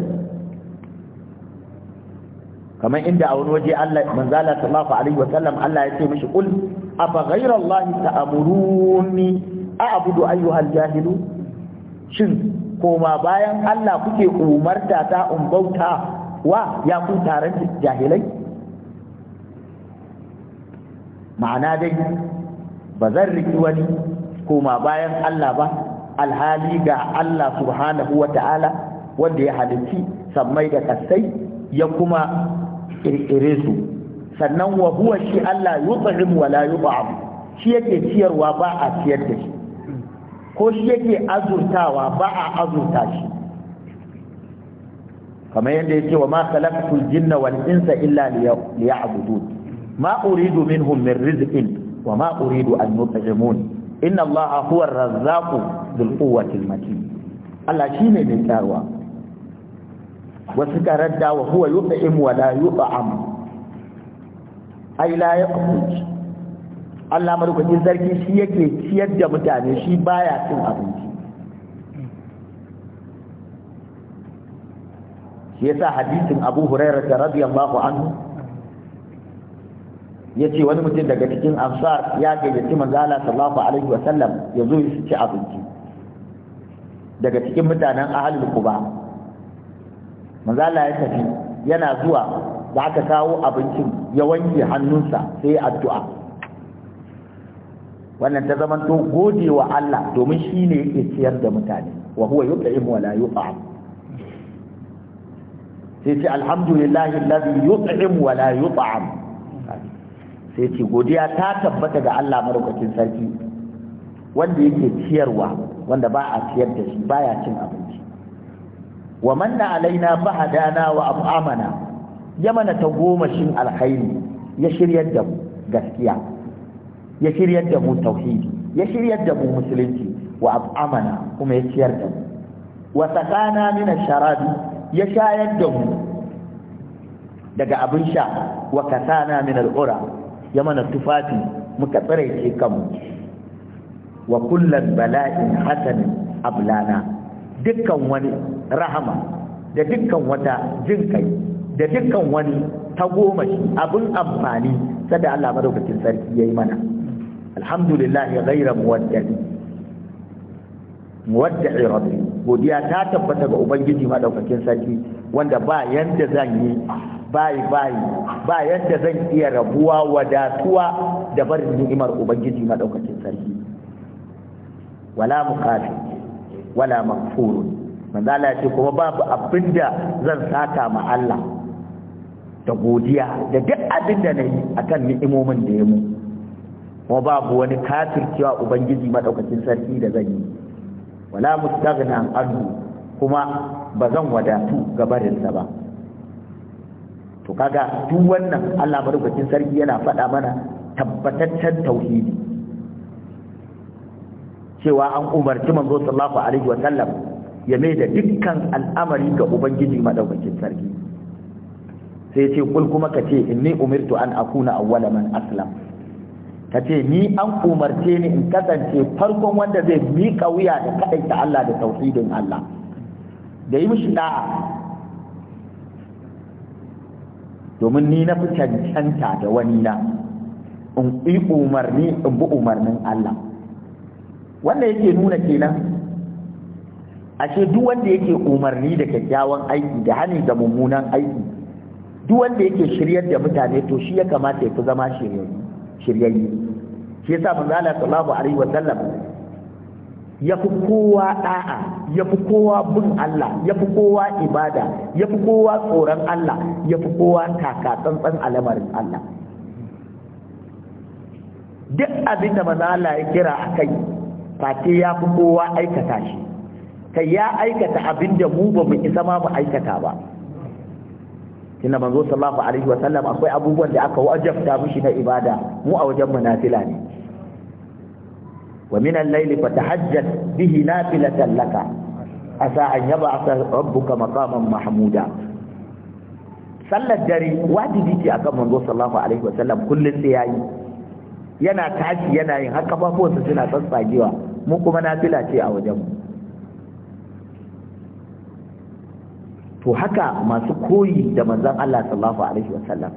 kamar inda a wani waje Allah manzala sallallahu alaihi wa sallam Allah ya ce mishi qul afa ghayra allahi ta'muruni a'budu ayyuhal jahilu shin koma bayan Allah kuke umarta ta in bauta wa ya ku taron jahilai ma'ana dai ba zan riki wani koma bayan Allah ba alhali ga Allah subhanahu wa ta'ala wanda ya halitti sammai da kasai ya kuma kirkire su sannan wa huwa shi Allah yut'im wa la yut'am shi yake ciyarwa ba a ciyar da shi ko shi yake azurtawa ba a azurta shi kamar yadda yake wa ma khalaqtul jinna wal insa illa liya'budun ma uridu minhum min rizqin wa ma uridu an yut'imun inna Allah huwa ar-razzaqu dhul quwwati al-matin Allah ne mai tsarwa wasu karanta wa huwa yut'im wa la yut'am ai la yaqut Allah madaukakin sarki shi yake ciyar da mutane shi baya cin abinci shi yasa hadisin Abu Hurairah radiyallahu anhu yace wani mutum daga cikin ansar ya gayyaci manzo Allah sallallahu alaihi wa sallam ya zo ya ci abinci daga cikin mutanen ahlul quba manzo Allah ya tafi yana zuwa da aka kawo abincin ya wanke hannunsa sai ya addu'a wannan ta zaman to gode wa Allah domin shi ne yake ciyar da mutane wa huwa yut'imu wa la yut'am sai ce alhamdulillahi alladhi yut'im wa la yut'am sai ce godiya ta tabbata ga Allah madaukakin sarki wanda yake ciyarwa wanda ba a ciyar da shi baya cin abinci wa manna alaina fahadana wa af'amana ya mana ta goma shin alkhairi ya shiryar da mu gaskiya ya shiryar da mu tauhidi ya shiryar da mu musulunci wa af'amana kuma ya ciyar da mu wa sakana min ash ya shayar da mu daga abin sha wa kasana min al-ura ya mana tufafi muka tsare kanmu wa kullan bala'in hasanin ablana dukkan wani rahama da dukkan wata jin da dukkan wani tagomashi abin amfani sada Allah madaukakin sarki ya yi mana alhamdulillah ghayra muwaddadi muwadda'i rabbi godiya ta tabbata ga ubangiji madaukakin sarki wanda ba yanda zan yi bayi bayi ba yanda zan iya rabuwa wadatuwa da barin ni'imar ubangiji madaukakin sarki wala muqafi wala maghfurun manzo Allah ya ce kuma babu abinda zan saka ma Allah da godiya da duk abinda nayi akan ni'imomin da ya mu kuma babu wani kafircewa ubangiji madaukakin sarki da zan yi wala mustaghna anhu kuma ba zan wadatu gabarinsa ba to kaga duk wannan Allah madaukakin sarki yana faɗa mana tabbataccen tauhidi cewa an umarci manzo sallallahu alaihi wa sallam ya mai da dukkan al'amari ga ubangiji madaukakin sarki sai ce kul kuma ka ce inni umirtu an akuna awwala man aslam ka ce ni an umarce ni in kasance farkon wanda zai miƙa wuya da kaɗaita Allah da tauhidin Allah da yi mishi da'a domin ni na fi cancanta da wani na in yi umarni in bi umarnin Allah wanda yake nuna kenan ashe duk wanda yake umarni da kyakkyawan aiki da hani da mummunan aiki duk wanda yake shiryar da mutane to shi ya kamata ya fi zama shiryayye shi yasa manzo Allah sallallahu alaihi wa sallam ya fi kowa da'a ya fi kowa bin Allah ya fi kowa ibada ya fi kowa tsoron Allah ya fi kowa kaka tsantsan al'amarin Allah duk abin da manzo Allah ya kira akai face ya fi kowa aikata shi kai ya aikata abin da mu ba mu isa ma mu aikata ba tunda manzo sallallahu alaihi wa sallam akwai abubuwan da aka wajabta mishi na ibada mu a wajen mu nafila ne wa min al-layl fatahajjat bihi nafilatan laka asa an yab'atha rabbuka maqaman mahmuda sallar dare wajibi ce akan manzo sallallahu alaihi wa sallam kullun sai yayi yana tashi yana yin ba kowace suna tsatsagewa mu kuma na fila ce a wajen to haka masu koyi da manzon Allah sallallahu alaihi wasallam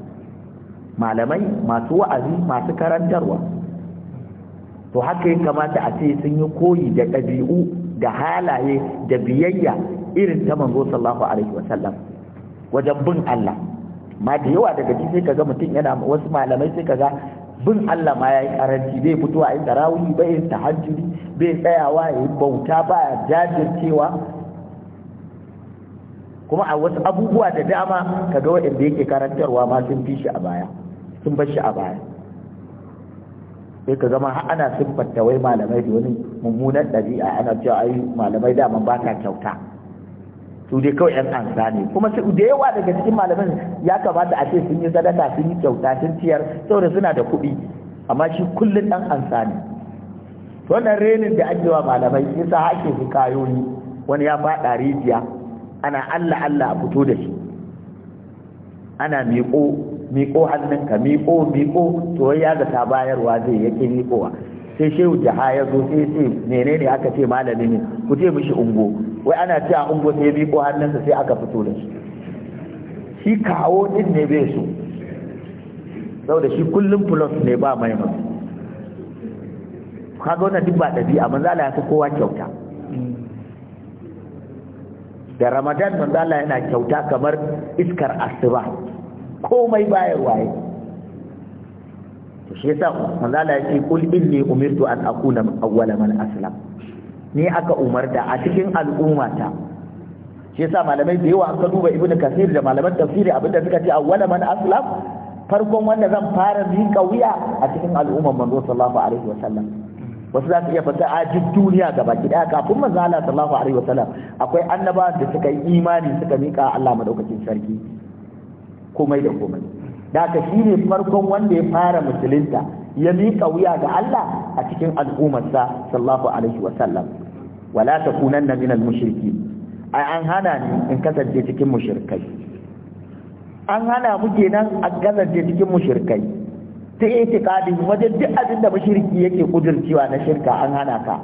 malamai masu wa'azi masu karantarwa to haka yin kamata a ce sun yi koyi da ɗabi'u da halaye da biyayya irin ta manzo sallallahu alaihi wasallam wajen bin Allah ma da yawa daga ci sai kaga mutum yana wasu malamai sai kaga bin Allah ma ya yi karanci bai fito a inda tarawih bai yin tahajjudi bai tsayawa ya yi bauta ba ya jajircewa kuma a wasu abubuwa da dama kaga waɗanda yake karantarwa ma sun fi shi a baya sun bar shi a baya sai ka zama har ana siffanta wai malamai da wani mummunan ɗabi'a ana cewa ai malamai dama ba ta kyauta su dai kawai yan ansa ne kuma su da yawa daga cikin malamin ya kamata a ce sun yi sadaka sun yi kyauta sun ciyar saboda suna da kuɗi amma shi kullum ɗan ansa ne wannan renin da ake wa malamai yasa ake su kayoyi wani ya faɗa rijiya ana Allah Allah a fito da shi ana miƙo miƙo hannunka miƙo miƙo to wai ya ga ta bayarwa zai yake miƙowa sai shehu jaha ya zo sai sai menene aka ce malami ne ku ce mishi ungo wai ana ce a ungo sai bi ko hannunsa sai aka fito da su shi kawo din ne bai so da shi kullum plus ne ba mai ka kaga wannan duk ba ɗabi'a a manzala ya fi kowa kyauta da Ramadan manzala yana kyauta kamar iskar asuba komai bayarwa waye, to shi yasa manzo Allah ya ce kul inni umirtu an akuna awwala man aslam ni aka umarta a cikin al'ummata shi yasa malamai da yawa aka duba ibnu kasir da malaman tafsiri abinda suka ce awwala man aslam farkon wanda zan fara bi wuya a cikin al'umman manzo sallallahu alaihi sallam wasu za su iya fata a duk duniya gaba ki daya kafin manzo Allah sallallahu alaihi sallam. akwai annaba da suka yi imani suka miƙa Allah madaukakin sarki komai da komai da haka shine farkon wanda ya fara musulunta ya miƙa wuya ga Allah a cikin al'ummarsa sallallahu alaihi wa sallam wala takunanna min al-mushriki ai an hana ni in kasance cikin mushrikai an hana mu kenan a kasance cikin mushrikai ta itiqadi wajen duk abin da mushriki yake kudurciwa na shirka an hana ka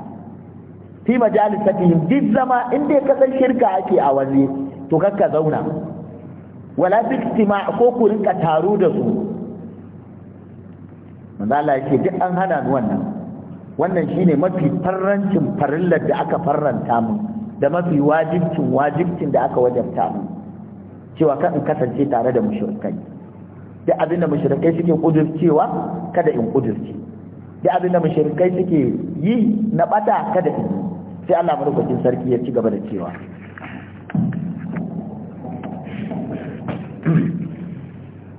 fi majalisatihim duk zama inda san shirka ake a waje to kakka zauna wala bi ko ku rinka taro da su manzo Allah yake duk an hana ni wannan wannan shine mafi farrancin farillar da aka farranta mu da mafi wajibcin wajibcin da aka wajabta mu cewa ka in kasance tare da mushrikai duk abin da mushrikai suke kudurcewa kada in kudurce duk abin da mushrikai suke yi na bata kada in sai Allah madaukakin sarki ya ci gaba da cewa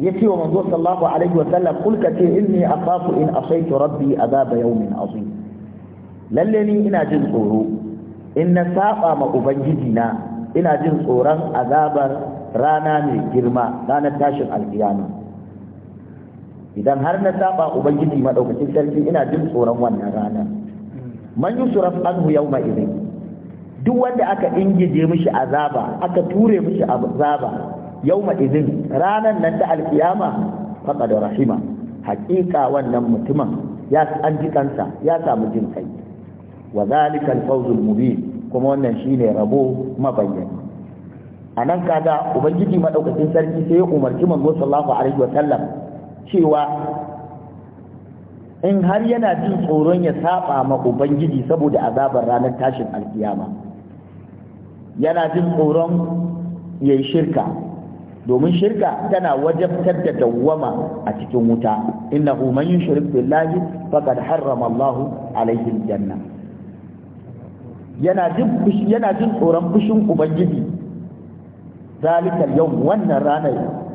yace wa manzo sallallahu alaihi wa sallam kul ka ce inni akhafu in asaitu rabbi azaba yawmin azim lalle ni ina jin tsoro in na saba ma ubangiji na ina jin tsoron azabar rana mai girma ranar tashin alkiyama idan har na saba ubangiji madaukakin sarki ina jin tsoron wannan rana man yusraf anhu yawma idin duk wanda aka ingije mishi azaba aka ture mishi azaba Yau izin ranan nan da alkiyama da rahima hakika wannan mutumin ya an ji ya samu jin kai wa zalika alfawzul mubin kuma wannan shine rabo mabayyani anan kaga ubangiji madaukakin sarki sai ya umarci manzo sallallahu alaihi wa sallam cewa in har yana jin tsoron ya saba ma ubangiji saboda azabar ranar tashin alkiyama yana jin tsoron ya shirka domin shirka tana wajabtar da dawwama a cikin wuta innahu man yushrik billahi faqad harrama Allah alaihi aljanna yana jin yana jin tsoron fushin ubangiji zalika yawm wannan ranar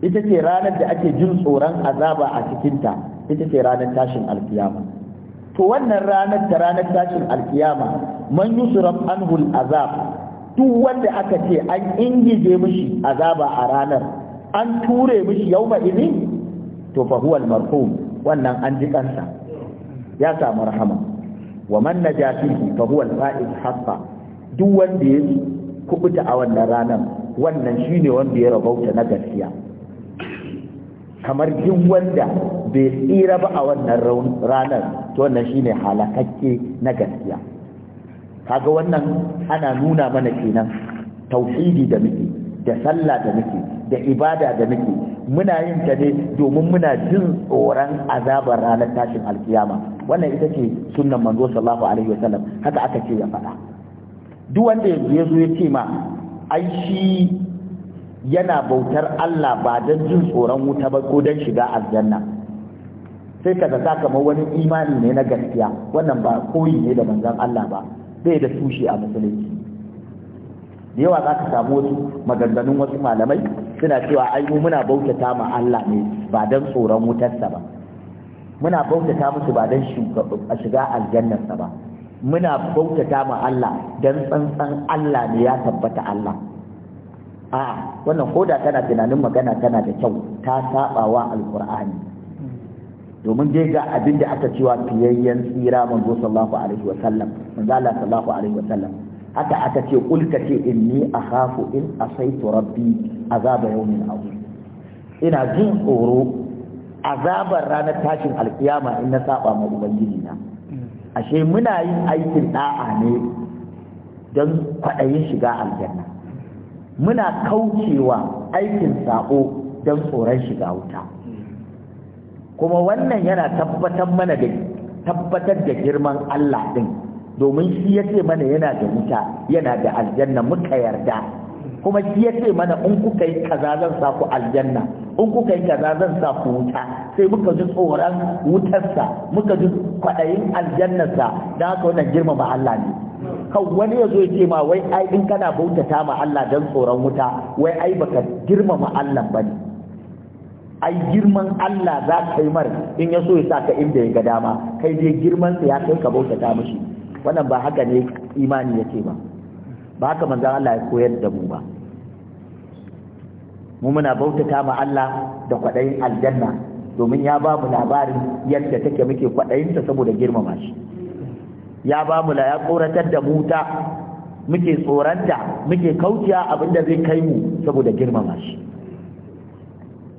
ita ce ranar da ake jin tsoron azaba a cikinta ita ce ranar tashin alkiyama to wannan ranar ta ranar tashin alkiyama man yusraf anhu al'azab duk wanda aka ce an ingije mishi azaba a ranar an ture mishi yau izi, to fa huwal marhum wannan an ji kansa ya samu rahama wa man najatihi fa huwal fa'il haqqa duk wanda ya kubuta a wannan ranar wannan shine wanda ya rabauta na gaskiya kamar jin wanda bai tsira ba a wannan ranar to wannan shine halakakke na gaskiya kaga wannan ana nuna mana kenan tauhidi da muke da sallah da muke da ibada da muke muna yin ta ne domin muna jin tsoron azabar ranar tashin alkiyama wannan ita ce sunnan manzo sallallahu alaihi wasallam haka aka ce ya faɗa duk wanda ya zo ya ce ma ai shi yana bautar Allah ba don jin tsoron wuta ba ko don shiga aljanna sai ka zata kamar wani imani ne na gaskiya wannan ba koyi ne da manzon Allah ba bai da tushe a musulunci da yawa za ka samu wasu maganganun wasu malamai suna cewa ai mu muna bautata ma Allah ne ba don tsoron wutarsa ba muna bautata musu ba don shiga aljannarsa ba muna bautata ma Allah don tsantsan Allah ne ya tabbata Allah a wannan koda tana tunanin magana tana da kyau ta saba wa alkur'ani domin dai ga abin da aka cewa fiyayyen tsira manzo sallallahu alaihi wa sallam manzo Allah sallallahu alaihi wa sallam haka aka ce kul ka ce inni akhafu in asaitu rabbi azaba yawmin ina jin tsoro azabar ranar tashin alkiyama in na saba ma ubangiji na ashe muna yin aikin da'a ne don kwaɗayin shiga aljanna muna kaucewa aikin sako don tsoron shiga wuta kuma wannan yana tabbatar mana da tabbatar da girman Allah din domin shi yace mana yana da wuta yana da aljanna muka yarda kuma shi yace mana in kuka yi kaza zan sa ku aljanna in kuka yi kaza zan sa ku wuta sai muka ji tsoron wutarsa muka ji kwaɗayin aljannarsa da haka wannan girmama Allah ne kan wani ya zo ya ce ma wai ai in kana bautata ma Allah don tsoron wuta wai ai baka girmama Allah ba ne ai girman Allah za ka yi mar in ya so ya sa ka inda ya ga dama kai dai girman sa ya kai ka bauta ta mishi wannan ba haka ne imani yake ba ba haka manzon Allah ya koyar da mu ba mu muna bautata ma Allah da kwaɗayin aljanna domin ya ba mu labarin yadda take muke ta saboda girmama shi ya ba mu la ya koratar da mu ta muke tsoranta muke kauciya abinda zai kai mu saboda girmama shi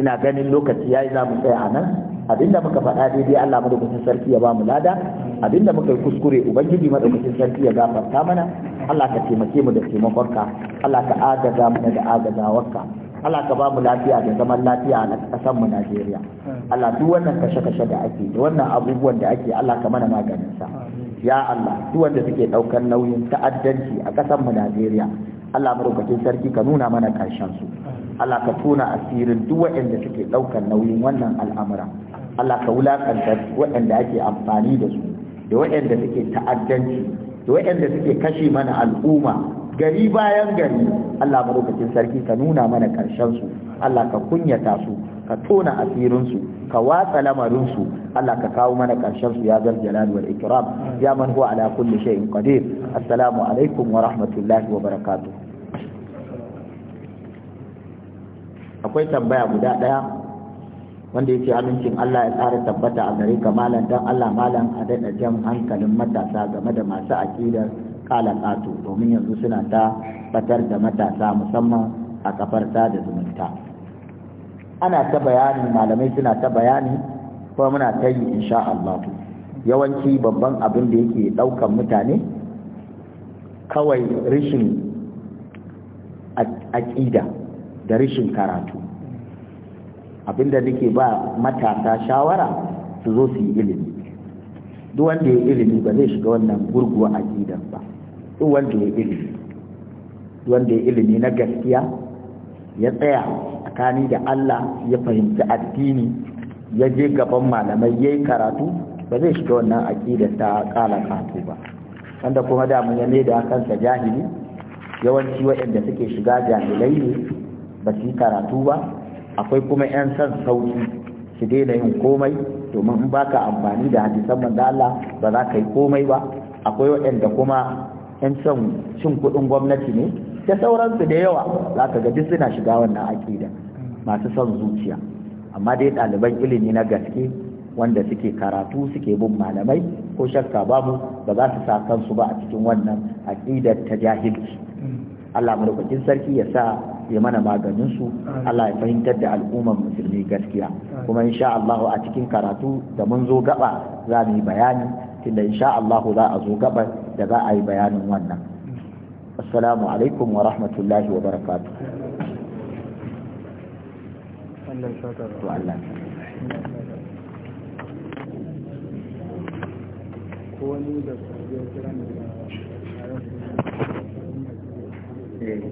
ina ganin lokaci yayi za mu tsaya a nan abinda muka faɗa daidai Allah madaukakin sarki ya ba mu lada abinda muka yi kuskure ubangiji madaukakin sarki ya gafarta mana Allah ka taimake mu da taimakonka Allah ka agaza mana da agazawarka Allah ka ba mu lafiya da zaman lafiya a ƙasar mu Najeriya. Allah duk wannan kashe-kashe da ake da wannan abubuwan da ake Allah ka mana maganin sa. Ya Allah duk wanda suke ɗaukar nauyin ta'addanci a ƙasar mu Najeriya. Allah madaukakin sarki ka nuna mana karshen su. Allah ka tona asirin duk waɗanda suke ɗaukar nauyin wannan al'amura Allah ka wulakanta waɗanda ake amfani da su da waɗanda suke ta'addanci da waɗanda suke kashe mana al'umma gari bayan gari Allah madaukakin sarki ka nuna mana ƙarshen su Allah ka kunyata su ka tona asirin su ka watsa lamarin su Allah ka kawo mana ƙarshen su ya zal jalal wal ikram ya man huwa ala kulli shay'in qadir assalamu alaikum wa rahmatullahi wa barakatuh akwai tambaya guda ɗaya wanda yake amincin Allah ya tsara tabbata a gare ka malam dan Allah malam a daɗa jan hankalin matasa game da masu aƙidar ƙala ƙato domin yanzu suna ta batar da matasa musamman a kafar da zumunta ana ta bayani malamai suna ta bayani kuma muna ta yi insha Allah yawanci babban abin da yake ɗaukan mutane kawai rishin aƙida da rashin karatu abinda nake ba matasa shawara su zo su yi ilimi duk wanda ya ilimi ba zai shiga wannan gurguwa a gidan ba duk wanda ya ilimi duk wanda ya ilimi na gaskiya ya tsaya tsakani da Allah ya fahimci addini ya je gaban malamai yayi karatu ba zai shiga wannan aƙida ta kala kato ba wanda kuma da mun yi da kansa jahili yawanci waɗanda suke shiga jahilai ne ba su yi karatu ba akwai kuma 'yan son sauki su daina yin komai domin in baka amfani da hadisan manzo Allah ba za ka yi komai ba akwai waɗanda kuma 'yan son cin kuɗin gwamnati ne da sauransu da yawa za ka gaji suna shiga wannan aƙida masu son zuciya amma dai ɗaliban ilimi na gaske wanda suke karatu suke bin malamai ko shakka babu ba za su sa kansu ba a cikin wannan aƙidar ta jahilci hmm. Allah madaukakin sarki ya sa ya mana maganin su Allah ya fahimtar da al'ummar musulmi gaskiya kuma insha Allah a cikin karatu da mun zo gaba za mu yi bayani tunda insha Allah za a zo gaba da za a yi bayanin wannan assalamu alaikum wa rahmatullahi wa barakatuh
wani